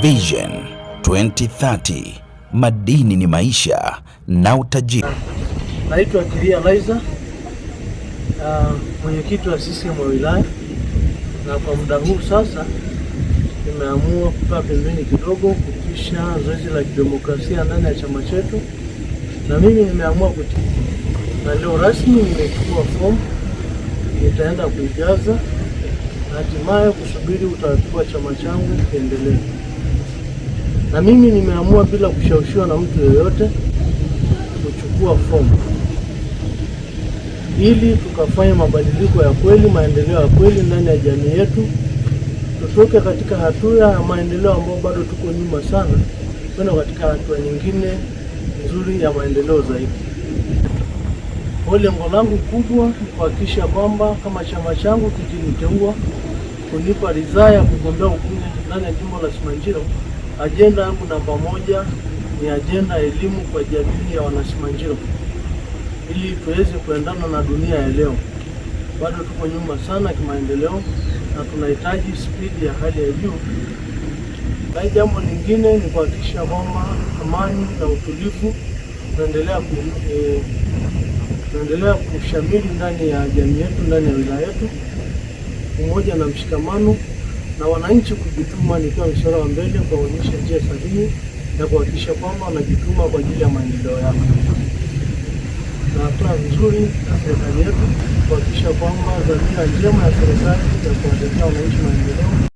Vision 2030 madini ni maisha na utajiri. Naitwa Kiria Laiza, uh, mwenyekiti wa CCM wa wilaya, na kwa muda huu sasa nimeamua kukaa pembeni kidogo kupisha zoezi la kidemokrasia ndani ya chama chetu, na mimi nimeamua kuti, na leo rasmi nimechukua fomu, nitaenda kuijaza na hatimaye kusubiri utaratibu wa chama changu kiendelee na mimi nimeamua bila kushawishiwa na mtu yoyote kuchukua fomu ili tukafanya mabadiliko ya kweli, maendeleo ya kweli ndani ya jamii yetu, tutoke katika hatua ya maendeleo ambayo bado tuko nyuma sana, kwenda katika hatua nyingine nzuri ya maendeleo zaidi. Kwa lengo langu kubwa ni kuhakikisha kwamba kama chama changu kijiniteua kunipa ridhaa ya kugombea ubunge ndani ya jimbo la Simanjiro Ajenda yangu namba moja ni ajenda ya elimu kwa jamii ya Wanasimanjiro ili tuweze kuendana na dunia ya leo. Bado tuko nyuma sana kimaendeleo na tunahitaji spidi ya hali ya juu. Na jambo lingine ni kuhakikisha kwamba amani na utulivu tunaendelea ku, eh, tunaendelea kushamili ndani ya jamii yetu, ndani ya wilaya yetu, umoja na mshikamano na wananchi kujituma, nikiwa mshora wa mbele kuwaonyesha njia sahihi na kuhakikisha kwamba wanajituma kwa ajili ya maendeleo yao. Tunatoa vizuri na serikali yetu kuhakikisha kwamba dhamira njema ya serikali ya kuwatetea wananchi maendeleo